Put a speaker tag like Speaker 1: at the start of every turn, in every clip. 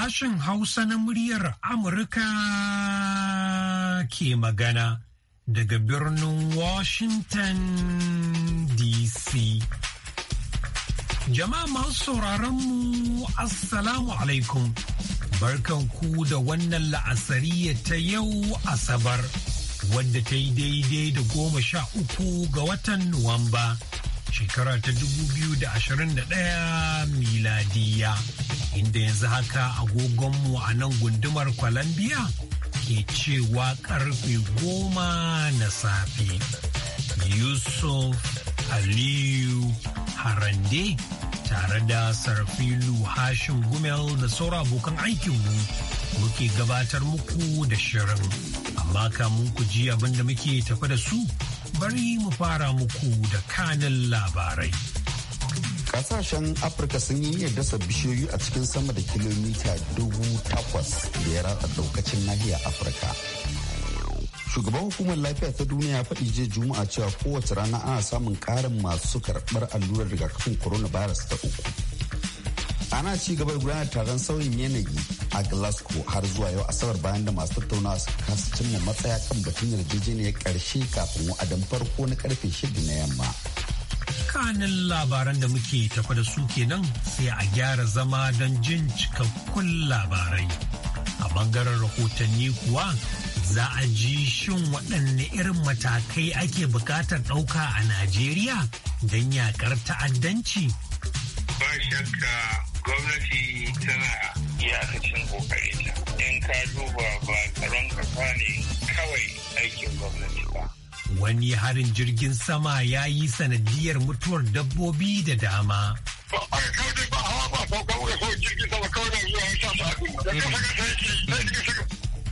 Speaker 1: sashen Hausa na muryar Amurka ke magana daga birnin Washington DC. Jama'a masu sauraronmu Assalamu alaikum. Barkan ku da wannan la'asariya ta yau Asabar, wadda ta yi daidai da goma sha uku ga watan Nuwamba, shekara ta 2021 miladiya. inda yanzu haka agogonmu a nan gundumar Colombia ke cewa karfe goma na safe. Yusuf Aliyu Harande tare da Sarfilu Hashim Gumel da sauran abokan aikinmu muke gabatar muku da shirin. Amma kamun ku ji abin da muke tafi da su bari mu fara muku da kanin labarai.
Speaker 2: kasashen afirka sun yi niyyar dasa bishiyoyi a cikin sama da kilomita dubu takwas da ya ratsa daukacin nahiyar afirka shugaban hukumar lafiya ta duniya ya faɗi jiya juma'a cewa kowace rana ana samun ƙarin masu karɓar allurar rigakafin coronavirus ta uku ana ci gaba da gudanar taron sauyin yanayi a glasgow har zuwa yau asabar bayan da masu tattaunawa suka kasa cimma matsaya kan batun yarjejeniyar karshe kafin wa'adin farko na karfe shida na yamma
Speaker 1: kanin labaran da muke tafa da su kenan sai a gyara zama don jin cikakkun labarai. A bangaren rahotanni kuwa za a ji shin waɗanne irin matakai ake buƙatar ɗauka a Najeriya don yaƙar ta'addanci.
Speaker 3: Ba shakka gwamnati tana iyakacin ƙoƙarinta. In ka duba ba tsaron kafa ne kawai aikin gwamnati ba.
Speaker 1: wani harin jirgin sama ya yi sanadiyar mutuwar dabbobi da dama.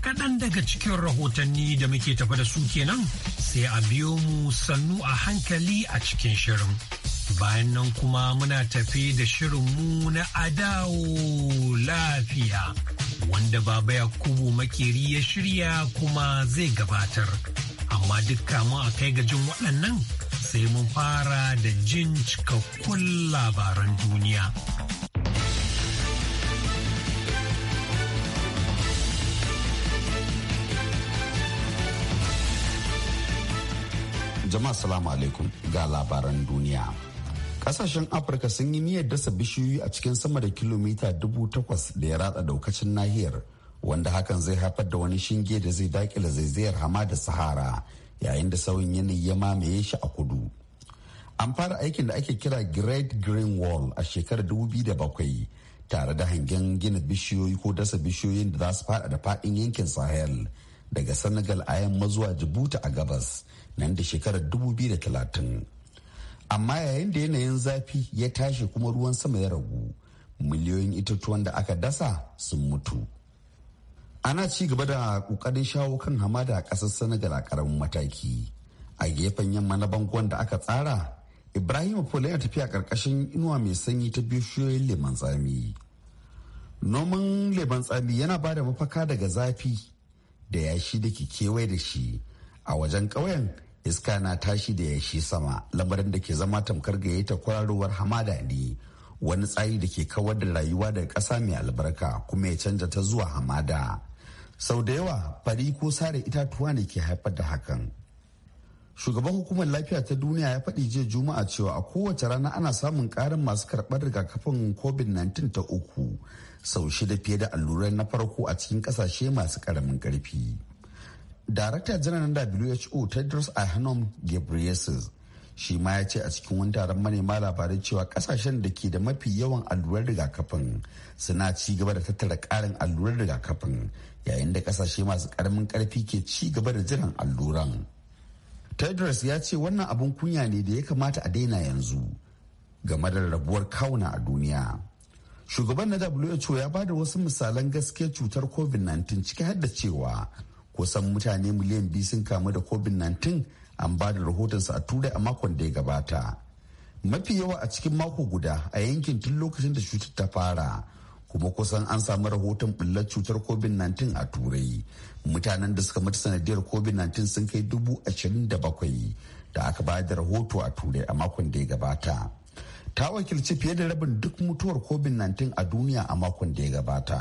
Speaker 1: Kaɗan daga cikin rahotanni da muke tafa da su kenan sai a biyo mu sannu a hankali a cikin shirin. Bayan nan kuma muna tafe da shirin mu na adawo lafiya wanda baba Yakubu makeri ya shirya kuma zai gabatar. amma duk mu a kai gajin waɗannan sai mun fara da jin cikakkun labaran duniya.
Speaker 2: Jama'a salamu alaikum ga labaran duniya. Kasashen Afirka sun yi miyar dasa bishiyoyi a cikin sama da kilomita dubu takwas da ya ratsa daukacin nahiyar. wanda hakan zai haifar da wani shinge da zai dakila zaizayar hama da sahara yayin da sauyin yanayi ya mamaye shi a kudu an fara aikin da ake kira great green wall a shekarar 2007 tare da hangen gina bishiyoyi ko dasa bishiyoyin da za su fada da fadin yankin sahel daga senegal a yamma zuwa jibuta a gabas nan da shekarar 2030 amma yayin da yanayin zafi ya tashi kuma ruwan sama ya ragu miliyoyin itatuwan da aka dasa sun mutu ana ci gaba da kokarin shawo kan hamada a ƙasar senegal a ƙaramin mataki a gefen yamma na bangon da aka tsara ibrahim pole yana tafiya ƙarƙashin inuwa mai sanyi ta bishiyoyin leman tsami noman leman tsami yana ba da mafaka daga zafi da yashi da ke kewaye da shi a wajen ƙauyen iska na tashi da yashi sama lamarin da ke zama tamkar gayyata kwararowar hamada ne wani tsari da ke kawar da rayuwa daga ƙasa mai albarka kuma ya canja ta zuwa hamada sau da yawa fari ko sare itatuwa ne ke haifar da hakan shugaban hukumar lafiya ta duniya ya faɗi jiya juma'a cewa a kowace rana ana samun ƙarin masu karɓar rigakafin covid-19 ta uku sau shida fiye da allurai na farko a cikin ƙasashe masu ƙaramin ƙarfi darakta janar na who tedros adhanom ghebreyesus shi ma ya ce a cikin wani taron manema labarai cewa kasashen da ke da mafi yawan allurar rigakafin suna ci gaba da tattara ƙarin allurar rigakafin yayin da kasashe masu karamin karfi ke ci gaba da jiran alluran tedros ya ce wannan abin kunya ne da ya kamata a daina yanzu game da rabuwar kawuna a duniya shugaban na who ya bada wasu misalan gaske cutar covid-19 ciki har da cewa kusan mutane miliyan biyu sun kamu da covid-19 an ba da rahotonsa a turai a makon da ya gabata mafi yawa a cikin mako guda a yankin tun lokacin da cutar ta fara kuma kusan an samu rahoton bullar cutar covid-19 a turai mutanen da suka mutu sanadiyar covid-19 sun kai dubu ashirin da bakwai da aka bayar da rahoto a turai a makon da ya gabata ta wakilci fiye da rabin duk mutuwar covid-19 a duniya a makon da ya gabata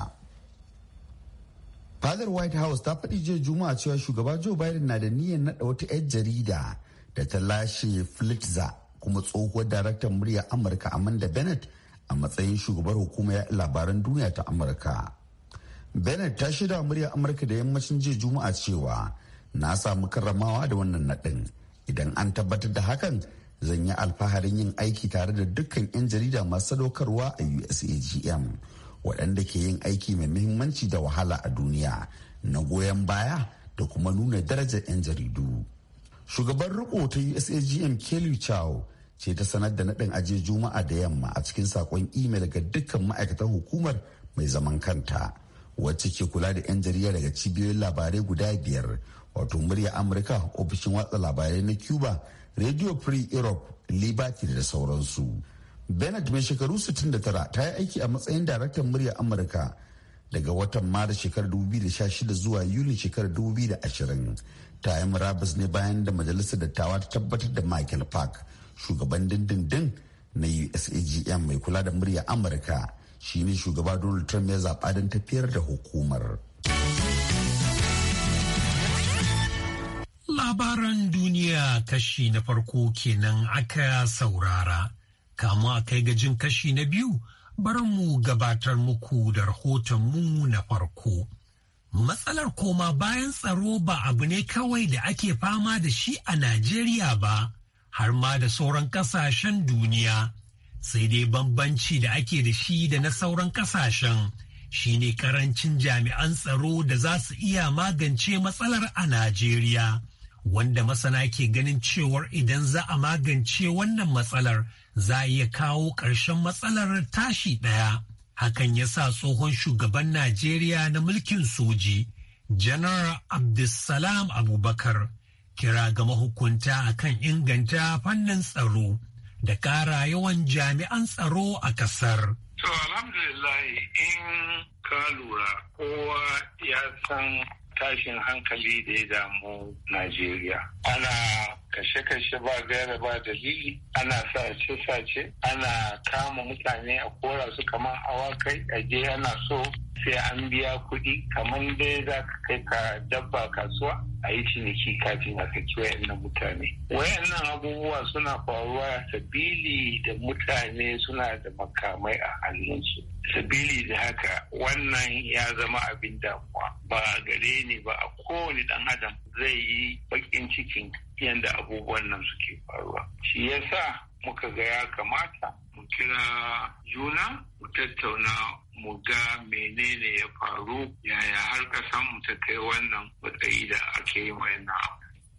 Speaker 2: fadar white house ta faɗi jiya juma'a cewa shugaba joe biden na da niyyar naɗa wata 'yar jarida da ta lashe flitza kuma tsohuwar daraktan murya amurka amanda bennett a matsayin shugabar hukumar labaran duniya ta amurka bennett ta shida murya amurka da yammacin jiya juma'a cewa na samu karramawa da wannan naɗin idan an tabbatar da hakan zan yi alfaharin yin aiki tare da dukkan 'yan jarida masu sadaukarwa a usagm waɗanda ke yin aiki mai muhimmanci da wahala a duniya na goyon baya da kuma nuna darajar 'yan jaridu shugaban riko ta usagm kelly chow ce ta sanar da naɗin aje juma'a da yamma a cikin sakon imel ga dukkan ma'aikatan hukumar mai zaman kanta wacce ke kula da 'yan jarida daga cibiyoyin labarai guda biyar wato murya amurka ofishin watsa labarai na cuba radio free europe liberty da sauransu bennett mai shekaru 69 ta yi aiki a matsayin daraktan murya amurka daga watan maris shekarar 2016 zuwa yuli shekarar 2020 ta yi murabus ne bayan da majalisar dattawa ta tabbatar da michael park shugaban dindindin na usagm mai kula da murya amurka shine shugaba donald trump ya zaɓa don tafiyar da hukumar
Speaker 1: labaran duniya kashi na farko kenan aka saurara kamu a kai gajin kashi na biyu bar mu gabatar muku da rahoton mu na farko matsalar koma bayan tsaro ba abu ne kawai da ake fama da shi a najeriya ba har ma da sauran kasashen duniya sai dai bambanci da ake da shi da na sauran kasashen shine karancin jami'an tsaro da za su iya magance matsalar a najeriya wanda masana ke ganin cewar idan za a magance wannan matsalar za a iya kawo ƙarshen matsalar tashi ɗaya hakan ya sa tsohon shugaban najeriya na mulkin soji janar abdulsalam abubakar kira ga mahukunta a kan inganta fannin tsaro da ƙara yawan jami'an tsaro a ƙasar.
Speaker 3: To alhamdulillah in ka lura kowa ya san tashin hankali da ya damu Najeriya. Ana kashe-kashe ba gaira ba dalili, ana sace-sace, ana kama mutane a kora su kamar awakai, a je ana so sai an biya kuɗi kamar dai za ka kai ka dabba kasuwa a yi ciniki kafin a kaki wayannan mutane wayannan abubuwa suna faruwa sabili da mutane suna da makamai a hannunsu sabili da haka wannan ya zama abin damuwa ba a gare ni ba a kowane dan adam zai yi bakin cikin yadda abubuwan nan suke faruwa shi yasa muka ga ya kamata mu kira juna mu tattauna mu ga menene ya faru yaya har kasan mu ta kai wannan matsayi da ake yi wayannan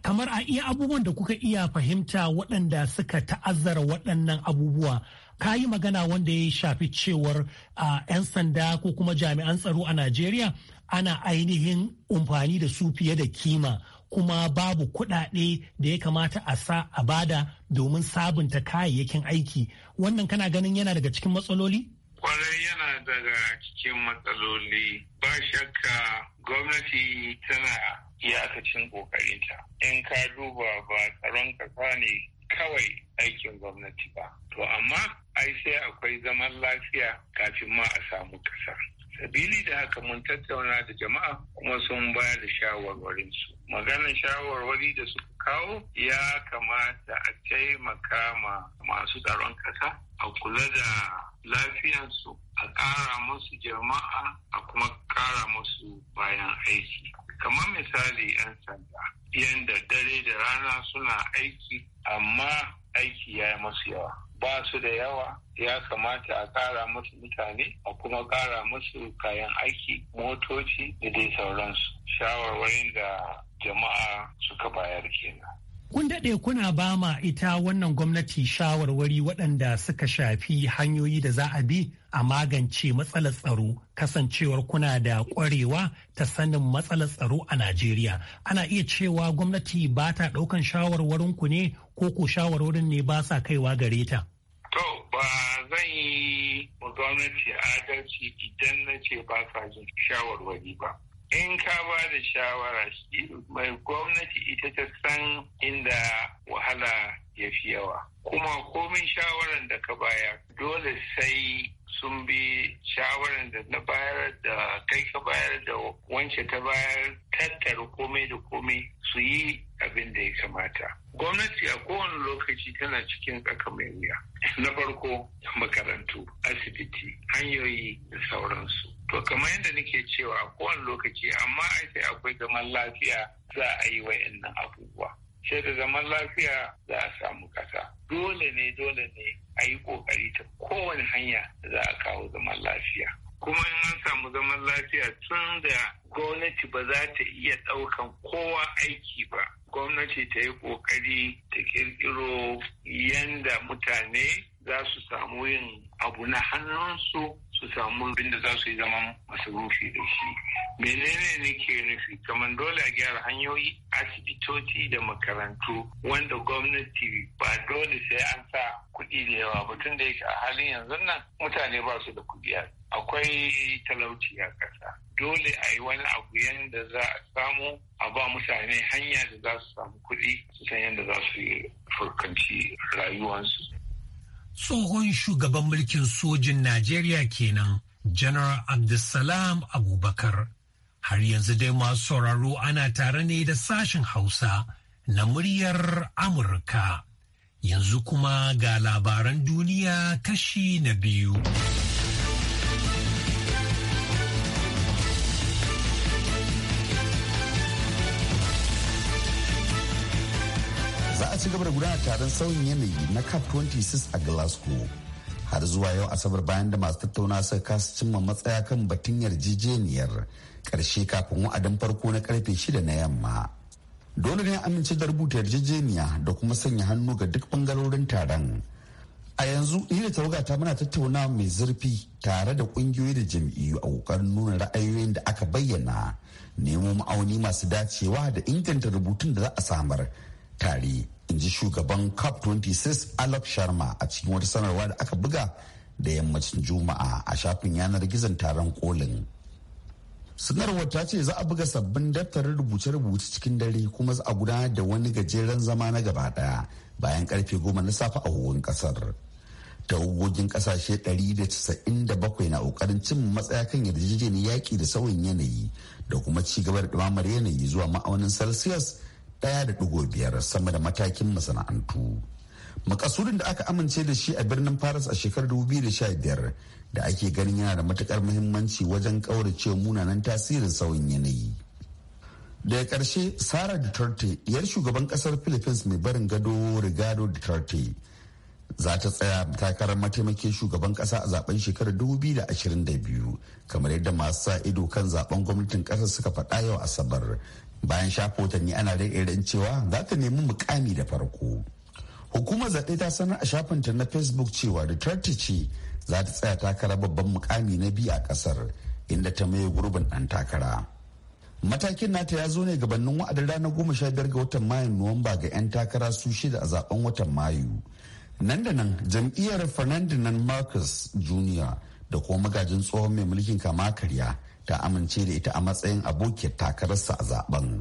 Speaker 1: Kamar a iya abubuwan da kuka iya fahimta waɗanda suka ta'azzara waɗannan abubuwa ka yi magana wanda ya shafi cewar a 'yan sanda ko kuma jami'an tsaro a Najeriya ana ainihin umfani da su fiye da kima kuma babu kuɗaɗe da ya kamata a sa a bada domin sabunta kayayyakin aiki wannan kana ganin yana daga cikin matsaloli?
Speaker 3: kwarai yana daga cikin matsaloli ba shakka gwamnati tana iyakacin kokarinta in ka duba ba tsaron kasa ne kawai aikin gwamnati ba to amma ai sai akwai zaman lafiya kafin ma a samu ƙasa sabili da haka mun tattauna da jama'a kuma sun bayar da shawarwarin su maganar shawarwari da suka kawo ya kamata a taimaka ma masu tsaron kasa a kula da lafiyansu a ƙara musu jama'a a kuma ƙara musu bayan aiki kamar misali 'yan sanda yadda dare da rana suna aiki amma aiki ya yi masu yawa ba su da yawa ya kamata a ƙara musu mutane a kuma ƙara musu kayan aiki motoci da dai sauransu shawarwarin da jama'a suka bayar kenan
Speaker 1: Kun daɗe kuna ba ma ita wannan gwamnati shawarwari waɗanda suka shafi hanyoyi da za a bi a magance matsalar tsaro kasancewar kuna da ƙwarewa ta sanin matsalar tsaro a Najeriya. Ana iya cewa gwamnati ba ta ɗaukan ku ne ko ku shawarwarin ne ba sa kaiwa gare ta. To ba zan yi gwamnati adalci idan na ce
Speaker 3: ba sa jin shawarwari ba. in ka ba da shawara shi mai gwamnati ita ta san inda wahala ya fi yawa kuma komin shawaran da ka baya dole sai sun bi shawaran da na bayar da kai ka bayar da wance ta bayar tattara komai da komai su yi abin da ya kamata. Gwamnati a kowane lokaci tana cikin tsaka mai wuya. Na farko makarantu, asibiti, hanyoyi da sauransu. To kamar yadda nake cewa a kowane lokaci amma ai sai akwai zaman lafiya za a yi wa nan abubuwa. Sai da zaman lafiya za a samu kasa. Dole ne dole ne a yi kokari ta kowane hanya za a kawo zaman lafiya. Kuma in an samu zaman lafiya tun da gwamnati ba za ta iya ɗaukan kowa aiki ba. Gwamnati ta yi kokari ta ƙirƙiro yanda mutane za su samu yin abu na hannunsu su samu abin da za su yi zaman masarufi da shi menene ne ke nufi kamar dole a gyara hanyoyi asibitoci da makarantu wanda gwamnati ba dole sai an sa kuɗi da yawa ba tun da yake a halin yanzu nan mutane ba su da kuɗi akwai talauci a ƙasa dole a yi wani abu yadda za a samu a ba mutane hanya da
Speaker 1: za su samu kuɗi su san yadda za su yi furkanci rayuwarsu tsohon shugaban mulkin sojin Najeriya kenan, General Abdulsalam Abubakar. Har yanzu dai masu sauraro ana tare ne da sashen Hausa na muryar Amurka. Yanzu kuma ga labaran duniya kashi na biyu.
Speaker 2: a ci gaba da gudanar taron sauyin yanayi na cap 26 a glasgow har zuwa yau asabar bayan da masu tattauna suka kasu cimma matsaya kan batun yarjejeniyar karshe kafin wa'adin farko na karfe shida na yamma dole ne amince da rubuta yarjejeniya da kuma sanya hannu ga duk bangarorin taron a yanzu ni da tawaga ta muna tattauna mai zurfi tare da kungiyoyi da jam'iyyu a kokarin nuna ra'ayoyin da aka bayyana nemo ma'auni masu dacewa da inganta rubutun da za a samar tare ji shugaban cop 26 alok sharma a cikin wata sanarwa da aka buga da yammacin juma'a a shafin yanar gizon taron kolin sanarwar ta ce za a buga sabbin daftarin rubuce-rubuce cikin dare kuma za a gudanar da wani gajeren zama na gaba daya bayan karfe goma na safe a huwun kasar tawagogin kasashe 197 na kokarin cin matsaya kan yarjejeniyar yaki da sauyin yanayi da kuma ci gaba da ɗumamar yanayi zuwa ma'aunin celsius da biyar sama da matakin masana'antu. Makasudin da aka amince da shi a birnin Paris a shekarar 2015 da ake ganin yana da matukar muhimmanci wajen kaurace munanan tasirin sauyin yanayi. Daga karshe Sara Duterte, yar shugaban kasar Philippines mai barin gado Rigado Duterte, za ta tsaya takarar mataimakin shugaban kasa a zaben shekarar 2022 kamar yadda masu sa ido kan zaben gwamnatin kasar suka faɗa yau asabar bayan shafa watanni ana irin cewa za ta nemi mukami da farko hukumar zaɗe ta sanar a shafinta na facebook cewa duterte ce za ta tsaya takara babban mukami na biyu a ƙasar inda ta maye gurbin ɗan takara matakin nata ya zo ne gabanin wa'adin rana goma sha biyar ga watan mayu nuwamba ga 'yan takara su shida a zaben watan mayu nan da nan jam'iyyar fernandinan marcus jr da kuma magajin tsohon mai mulkin kama karya ta amince da ita a matsayin abokiyar takararsa a zaben.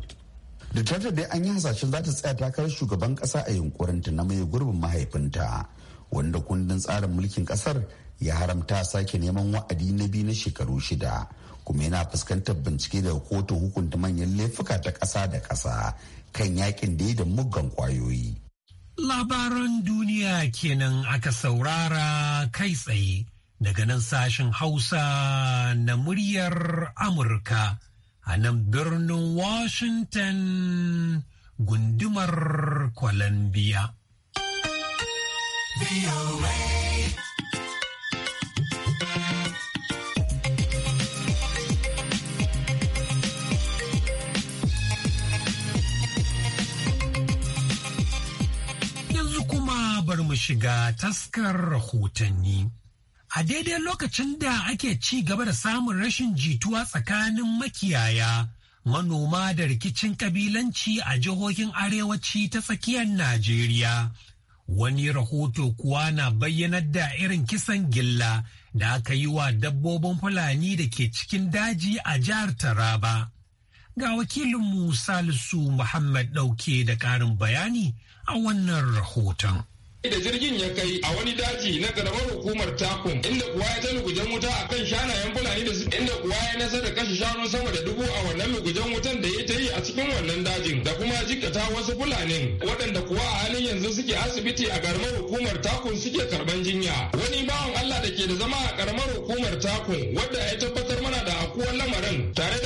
Speaker 2: Da dai an yi hasashen za ta tsaya takarar shugaban kasa a yunkurinta na mai gurbin mahaifinta wanda kundin tsarin mulkin kasar ya haramta sake neman wa'adi na biyu na shekaru shida kuma yana fuskantar bincike daga kotun hukunta manyan laifuka ta kasa da kasa kan yakin da da muggan kwayoyi.
Speaker 1: Labaran duniya kenan aka saurara kai tsaye daga nan sashen Hausa na muryar Amurka a nan birnin Washington gundumar Columbia. Yanzu kuma bari mu shiga taskar rahotanni. a daidai lokacin da ake ci gaba da samun rashin jituwa tsakanin makiyaya manoma da rikicin kabilanci a jihohin arewaci ta tsakiyar Najeriya. Wani rahoto kuwa na bayyanar da irin kisan gilla da aka yi wa dabbobin Fulani da ke cikin daji a jihar Taraba. Ga wakilin Musa Muhammad ɗauke da ƙarin bayani a wannan rahoton.
Speaker 4: da jirgin ya kai a wani daji na karamar hukumar takum inda kuwa ya ta lugujen wuta a kan shanayen fulani da inda kuwa ya da kashe shanu sama da dubu a wannan lugujen wutan da ya ta yi a cikin wannan dajin da kuma jikata wasu fulanin waɗanda kuwa a halin yanzu suke asibiti a karamar hukumar takun suke karban jinya wani bawan allah da ke da zama a karamar hukumar takun wadda ya tabbatar mana da akuwan lamarin tare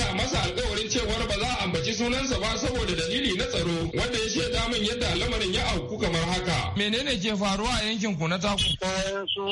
Speaker 4: sunansa ba saboda dalili na tsaro wanda ya shaida min yadda lamarin ya auku kamar haka. Menene ke faruwa a yankin ku na taku? su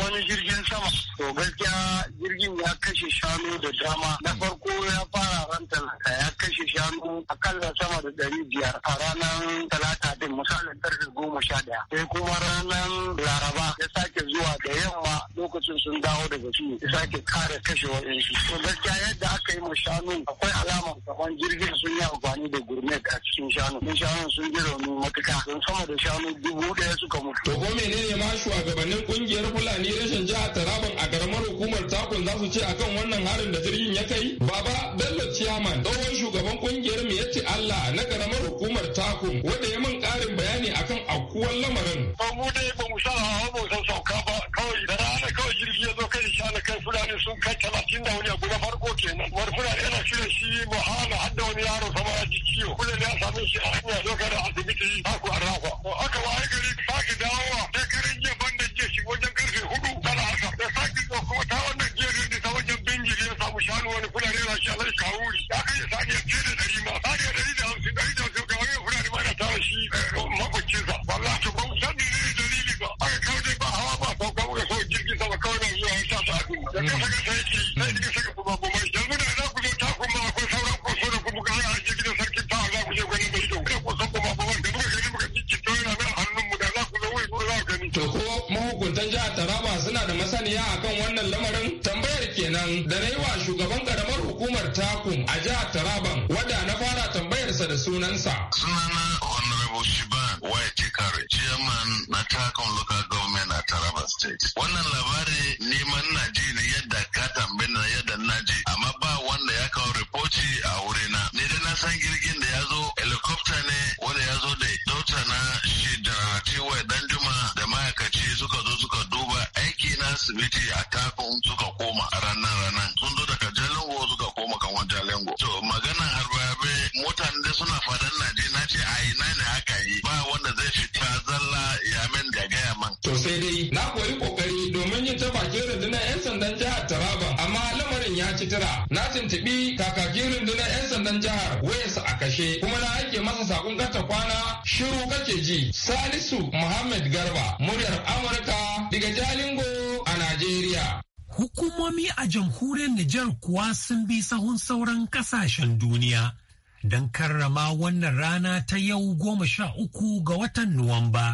Speaker 4: wani jirgin sama. To gaskiya jirgin ya kashe shanu
Speaker 3: da dama. Na farko ya fara ran talata ya kashe shanu a akalla sama da ɗari biyar a ranar talata din misalin karfe goma sha ɗaya. Sai kuma ranar laraba ya sake zuwa da yamma lokacin sun dawo daga su ya sake kare kashe wa'insu. To gaskiya yadda aka yi ma shanu akwai alamar kaman jirgin sun yi amfani da gurmet
Speaker 4: a cikin shanu don shanun sun ji rauni matuka don sama da shanu dubu daya suka mutu. to ko menene ma shugabannin kungiyar fulani rashin jihar taraban a garamar hukumar takun za su ce akan wannan harin da jirgin ya kai baba bello chairman tsohon shugaban kungiyar mu yace allah na garamar hukumar takun wanda ya min karin bayani akan akuwan lamarin. ba mu dai ba mu san hawa ba san sauka ba kawai da rana kawai jirgi ya zo kai shanu kai fulani sun kai talatin da wani abu na farko. kenan wani kuna yana cire shi muhala har da wani yaro sama ya ji ciwo kuma ne a same shi a hanya doka da asibiti a ku arrafa to haka waye gari sake dawowa sai karin jiya banda jiya shi wajen karfe hudu tana haka da sake zo kuma ta wannan jiya da ta wajen bingiri ya samu shanu wani kuna yana shi a lai kawuri ya kai ya sake fiye da dari ma sake dari da hamsin dari da hamsin kamar yau kuna ma yana tara shi eh, makwacinsa wallahi to ba mu san ne dalili ba aka kawai ba hawa ba sauka muka so jirgin sama kawai na zuwa ya sa ta abin da kasa kasa yake sai a jihar Taraban wadda na fara tambayarsa da sunansa. Sunana
Speaker 1: Honorable Shiban
Speaker 4: White Kare, Chairman na Takon
Speaker 1: Local
Speaker 5: Government a Taraban State. ga gaya man. To sai
Speaker 4: dai na koyi kokari domin yin ta bakin rundunar 'yan sandan jihar Taraba amma lamarin ya ci tira. Na tuntuɓi kakakin rundunar 'yan sandan jihar wayarsa a kashe kuma na aike masa sakon kata kwana shiru kake ji. Salisu Muhammad Garba muryar Amurka daga Jalingo a Najeriya.
Speaker 1: Hukumomi a jamhuriyar Nijar kuwa sun bi sahun sauran kasashen duniya don karrama wannan rana ta yau goma sha uku ga watan Nuwamba.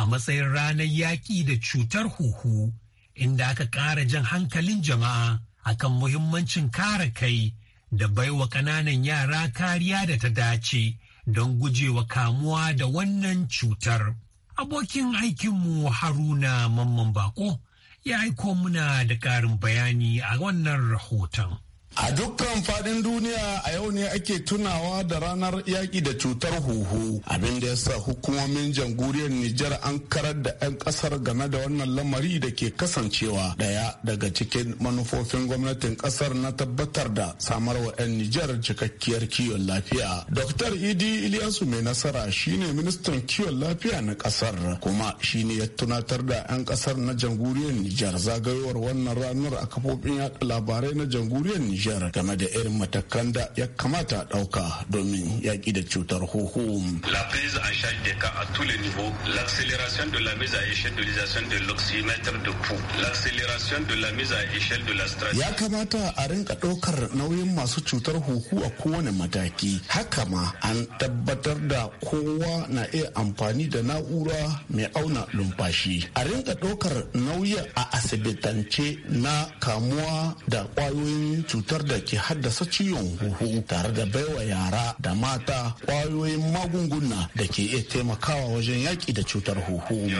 Speaker 1: a matsayin ranar yaƙi da cutar huhu inda aka ƙara jan hankalin jama'a akan muhimmancin kare kai da baiwa ƙananan yara kariya da ta dace don gujewa kamuwa da wannan cutar. Abokin aikinmu Haruna Mamman Bako ya aiko muna da ƙarin bayani a wannan rahoton.
Speaker 5: A dukkan fadin duniya a yau ne ake tunawa da ranar yaƙi da cutar huhu abin da ya sa hukumomin jamhuriyar Nijar an karar da 'yan ƙasar game da wannan lamari da ke kasancewa Daya daga cikin manufofin gwamnatin ƙasar na tabbatar da samarwa 'yan Nijar cikakkiyar kiwon lafiya. Dr. Idi Iliyasu mai nasara shine ministan kiwon lafiya na ƙasar kuma shine ya tunatar da 'yan ƙasar na jamhuriyar Nijar zagayowar wannan ranar a kafofin yaɗa labarai na jamhuriyar Nijar. Nijar game da irin matakan da ya kamata ɗauka domin yaƙi da cutar huhu. La prise en charge des cas à tous les niveaux, l'accélération de la mise à échelle de l'utilisation de l'oxymètre de coup, l'accélération de la mise à échelle de la stratégie. Ya kamata a rinka ɗaukar nauyin masu cutar huhu a kowane mataki. Haka ma an tabbatar da kowa na iya amfani da na'ura mai auna lumfashi. A rinka ɗaukar nauyi a asibitance na kamuwa da ƙwayoyin cutar cutar da ke haddasa ciwon huhu tare da baiwa yara da mata kwayoyin magunguna da ke iya taimakawa wajen yaki da cutar huhu.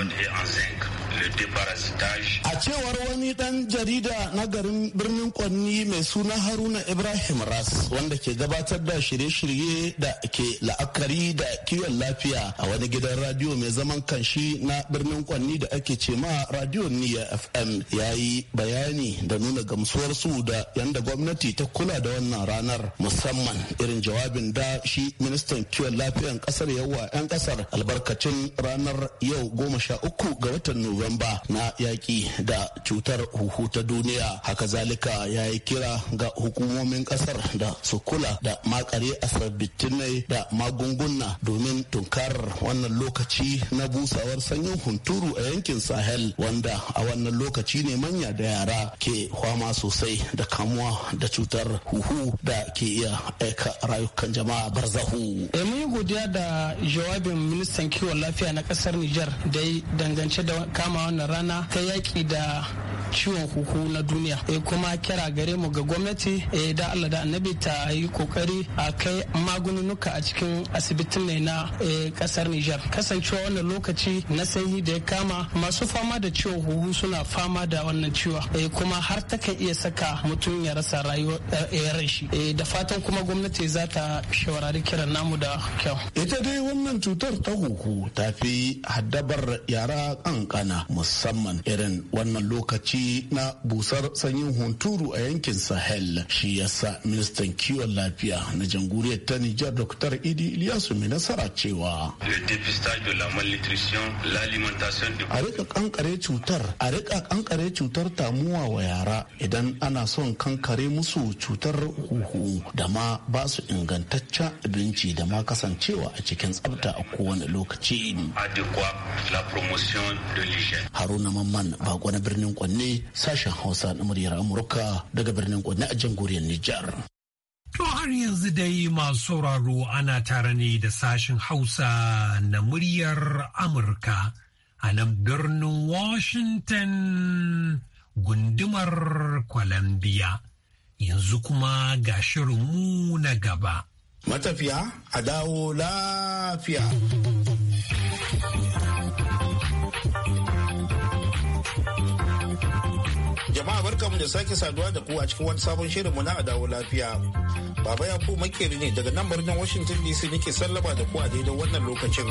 Speaker 5: A cewar wani dan jarida na garin birnin Kwanni mai suna Haruna Ibrahim Ras wanda ke gabatar da shirye-shirye da ke la'akari da kiwon lafiya a wani gidan radio mai zaman kanshi na birnin Kwanni da ake ce ma Radio Niyya FM ya yi bayani da nuna gamsuwarsu da yanda gwamnati gwamnati ta kula da wannan ranar musamman irin jawabin da shi ministan kiwon lafiyan kasar yawa 'yan kasar albarkacin ranar yau goma sha uku ga watan nuwamba na yaƙi da cutar huhu ta duniya haka zalika ya yi kira ga hukumomin kasar da su kula da makare asibitinai da magunguna domin tunkarar wannan lokaci na busawar sanyin hunturu a yankin sahel wanda a wannan lokaci ne manya da yara ke kwama sosai da kamuwa da cutar huhu da ke iya aika rayukan jama'a barzahu.
Speaker 4: Da eh, mun yi godiya
Speaker 5: da jawabin ministan kiwon lafiya na kasar Nijar da dangance da kama wannan rana
Speaker 1: ta yaƙi da ciwon huhu na duniya e kuma kira gare mu ga gwamnati e da Allah da annabi ta yi kokari a kai magununuka a cikin asibitin ne na eh, kasar Nijar kasancewa wannan lokaci na sanyi da ya kama masu fama da ciwon huhu suna fama da wannan ciwon e kuma har ta takan iya saka mutum ya rasa rayuwar shi e da fatan kuma gwamnati za ta shawarari kiran namu da kyau ita
Speaker 5: dai wannan cutar ta huhu ta fi haddabar yara kankana musamman irin wannan lokaci zafi na busar sanyin hunturu a yankin sahel shi yasa ministan kiwon lafiya na jamhuriyar ta nijar dr idi iliyasu mai nasara cewa a rika kankare cutar a rika kankare cutar tamuwa wa yara idan ana son kankare musu cutar huhu da ma ba su ingantaccen abinci da ma kasancewa a cikin tsabta a kowane lokaci haruna mamman bako na birnin kwanne kai sashen Hausa na muryar Amurka daga birnin Kwani a jamhuriyar Nijar.
Speaker 1: To har yanzu dai masu sauraro ana tare ne da sashen Hausa na muryar Amurka a nan birnin Washington gundumar Columbia. Yanzu kuma ga shirinmu na gaba. Matafiya a dawo lafiya.
Speaker 6: barkamu da sake saduwa da ku a cikin wani sabon shirinmu na adawo lafiya. Baba ya ku makeri ne daga nan birnin Washington DC nake sallaba da ku a daidai wannan lokacin.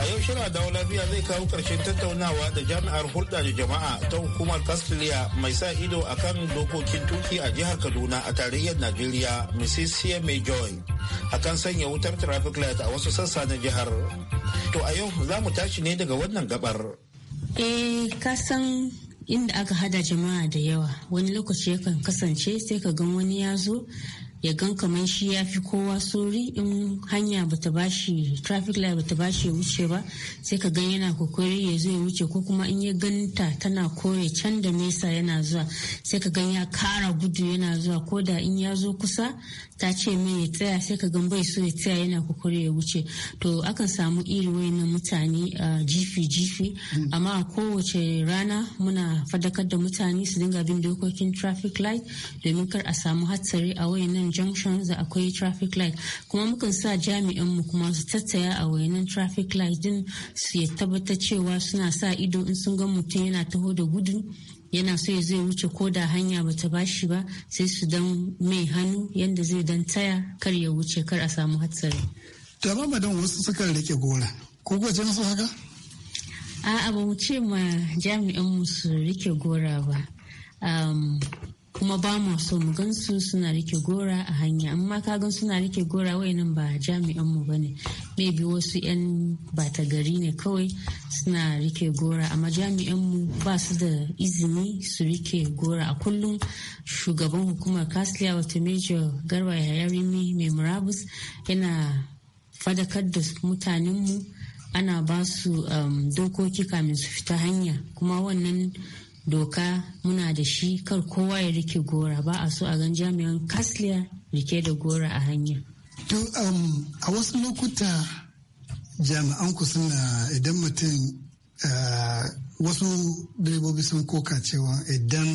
Speaker 6: A yau shirin adawo lafiya zai kawo karshen tattaunawa da jami'ar hulɗa da jama'a ta hukumar Castilla mai sa ido akan dokokin tuki a jihar Kaduna a tarayyar Najeriya, Mrs. Joy. akan sanya wutar traffic light a wasu sassa na jihar To a yau za mu tashi ne daga wannan gabar.
Speaker 7: Eh kasan inda aka hada jama'a da yawa wani lokaci yakan kasance sai ka gan wani ya zo ya gan kamar shi ya fi kowa sori in hanya bata bashi traffic light bata bashi ya wuce ba sai ka gan yana kokari ya zo ya wuce ko kuma in ya ganta tana kore can da nesa yana zuwa sai ka gan ya kara gudu yana zuwa ko da in ya zo kusa ta ce mai ya tsaya sai ka gan bai so ya tsaya yana kokari ya wuce to akan samu iri wayannan mutane a jifi jifi mm. amma a kowace rana muna fadakar da mutane su dinga bin dokokin traffic light domin kar a samu hatsari a wayannan wayannan junctions akwai traffic light kuma mukan sa jami'an mu kuma su tattaya a wayannan traffic light din su ya tabbata cewa suna sa ido in sun ga mutum yana taho da gudun yana so ya zai wuce ko da hanya bata bashi ba sai su dan mai hannu yanda zai dan taya kar ya wuce kar a samu hatsari.
Speaker 5: Da madan wasu sukan rike gora ko
Speaker 7: gwajin su haka? A'a ba mu ce ma jami'an mu su rike gora ba. Um, kuma ba mu so mu gansu suna rike gora a hanya amma ka gan suna rike gora wayannan ba jami'an mu bane maybe wasu yan bata gari ne kawai suna rike gora amma jami'an mu ba su da izini su rike gora a kullum shugaban hukumar kasliya Wata major garba yayarimi mai murabus yana fadakar da mutanen mu ana ba su um, dokoki kamin su fita hanya kuma wannan doka muna da shi kar kowa ya rike gora ba a so a gan jami'an kasliya rike da gora a hanya. To um, a wasu
Speaker 5: lokuta jami'an ku suna idan mutum uh, wasu direbobi sun koka cewa idan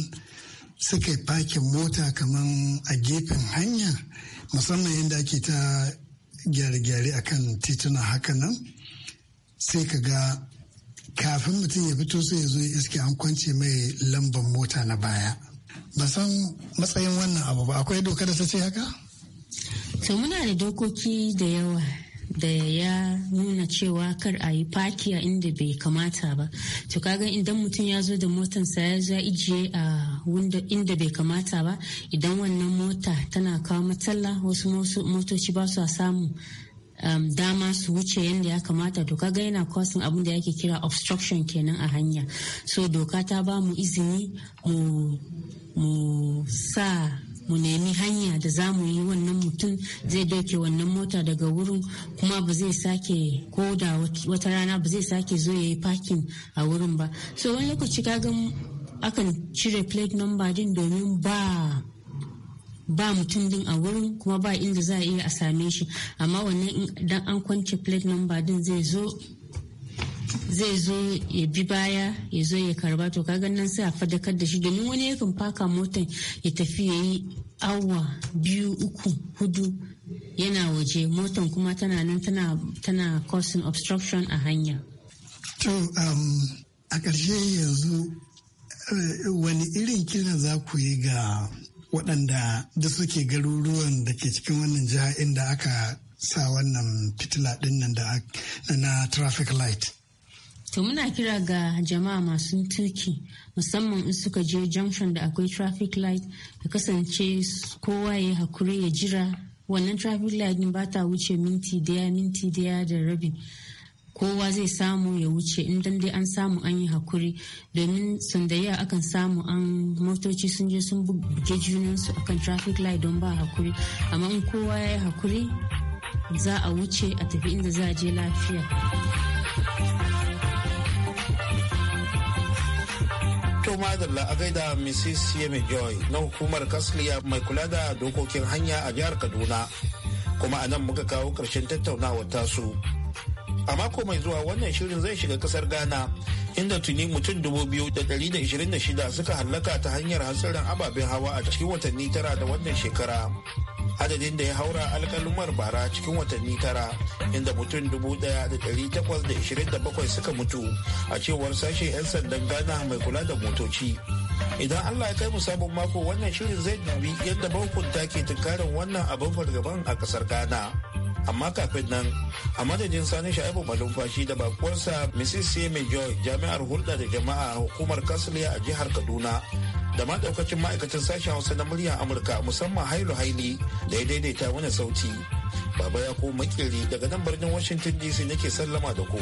Speaker 5: suka yi fakin mota kamar a gefen hanya musamman yadda ake ta gyare-gyare akan tituna haka nan sai ka ga kafin mutum ya fito sai ya zo ya iske an kwance mai lambar mota na baya ba san matsayin wannan abu ba akwai doka da ta ce haka
Speaker 7: to muna da dokoki da yawa da ya nuna cewa kar a yi faki a inda bai kamata ba to kaga idan mutum ya zo da motansa ya za ijiye a inda bai kamata ba idan wannan mota tana kawo matsala wasu motoci ba su samu um, dama su wuce yadda ya kamata to kaga yana kwasin abin da yake kira obstruction kenan a hanya so doka ta ba mu izini mu, mu sa mu nemi hanya da za mu yi wannan mutum zai dauke wannan mota daga wurin kuma ba zai sake ko da wata rana ba zai sake zo ya yi parking a wurin ba so wani lokaci kaga akan cire plate number din domin ba ba mutum din a wurin kuma ba inda za a iya a same shi amma wannan dan an kwance plate number din zai zo zai zo ya bi baya ya zo ya karba to kaga nan sai a fadakar da shi domin wani yakan faka motan ya tafi ya yi awa biyu uku hudu yana waje motan kuma tana nan tana tana causing obstruction a hanya to um,
Speaker 5: a ƙarshe yanzu eh, wani irin kiran za ku yi ga waɗanda da suke garuruwan da ke cikin wannan jiha inda aka sa wannan fitila ɗin nan na traffic light.
Speaker 7: To muna kira ga jama'a masu turki musamman in suka je junction da akwai traffic light ya kasance kowa ya hakuri ya jira wannan traffic light ba ta wuce minti daya minti daya da rabi kowa zai samu ya wuce in dai an samu an yi hakuri domin sandaya akan samu an motoci sun je sun buge junansu akan traffic light don ba hakuri amma in kowa ya yi hakuri za a wuce a tafi inda za a je lafiya
Speaker 6: to madalla a gaida mrs yemi joy na hukumar kasliya mai kula da dokokin hanya a jihar kaduna kuma a nan muka kawo karshen tattaunawar tasu a mako mai zuwa wannan shirin zai shiga kasar ghana inda tuni mutum shida suka hallaka ta hanyar hatsarin ababen hawa a cikin watanni tara da wannan shekara adadin da ya haura alkalumar bara cikin watanni tara inda mutum 1,827 suka mutu a cewar sashen 'yan sandan ghana mai kula da motoci idan allah ya kai mu sabon mako wannan shirin zai dubi yadda bankun ke tunkarin wannan abin fargaban a kasar ghana amma kafin nan a madadin sani sha'ibu malumfashi da bakuwarsa mrs simi joy jami'ar hulɗa da jama'a hukumar kasliya a jihar kaduna da ma daukacin ma'aikacin sashen hausa na muryar amurka musamman hailu haili da ya daidaita wani sauti baba ya ko makiri daga nan birnin washington dc nake sallama da ku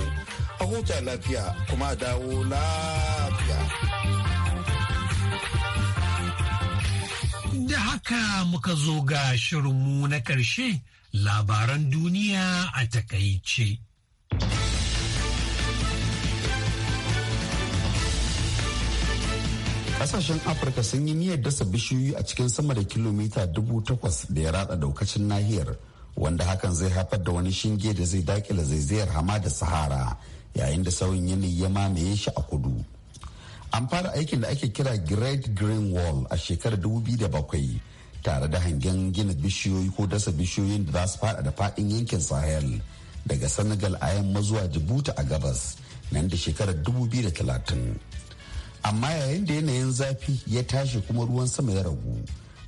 Speaker 6: a huta lafiya kuma a dawo lafiya
Speaker 1: da haka muka zo ga shirinmu na ƙarshe? labaran duniya a takaice.
Speaker 2: Kasashen Afirka sun yi niyyar dasa bishiyoyi a cikin sama da kilomita dubu takwas da ya ratsa daukacin nahiyar wanda hakan zai haifar da wani shinge da zai dakila zaizayar hama da sahara yayin da sauyin yanayi ya mamaye shi a kudu. An fara aikin da ake kira Great Green Wall a shekarar 2007 tare da hangen gina bishiyoyi ko dasa bishiyoyin da za su fada da fadin yankin sahel daga senegal a yamma zuwa jibuta a gabas nan da shekarar 2030 amma yayin da yanayin zafi ya tashi kuma ruwan sama ya ragu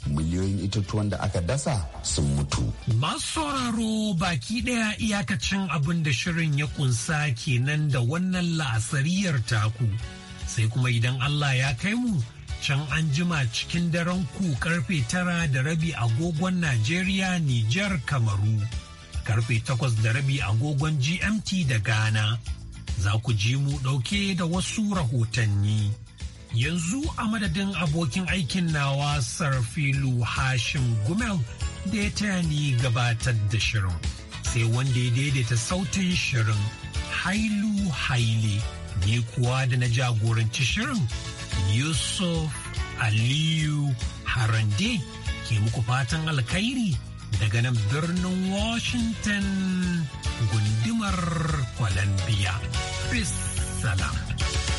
Speaker 2: miliyoyin itatuwan da aka dasa sun mutu.
Speaker 1: Masu sauraro baki daya iyakacin abin da shirin ya kunsa kenan da wannan la'asariyar taku. Sai kuma idan Allah ya kai mu Can anjima cikin daren ku karfe tara da rabi agogon Najeriya, Nijar, Kamaru. Karfe takwas da rabi agogon GMT da Ghana. Za ku ji mu ɗauke da wasu rahotanni. Yanzu a madadin abokin aikin nawa Sarfilu Hashim Gumel da ya taya ni gabatar da shirin. Sai wanda ya daidaita sautin shirin. Hailu Haile, ni kuwa da na jagoranci shirin Yusuf Aliyu Harande ke muku fatan alkhairi daga nan birnin Washington gundumar Columbia. Peace salam.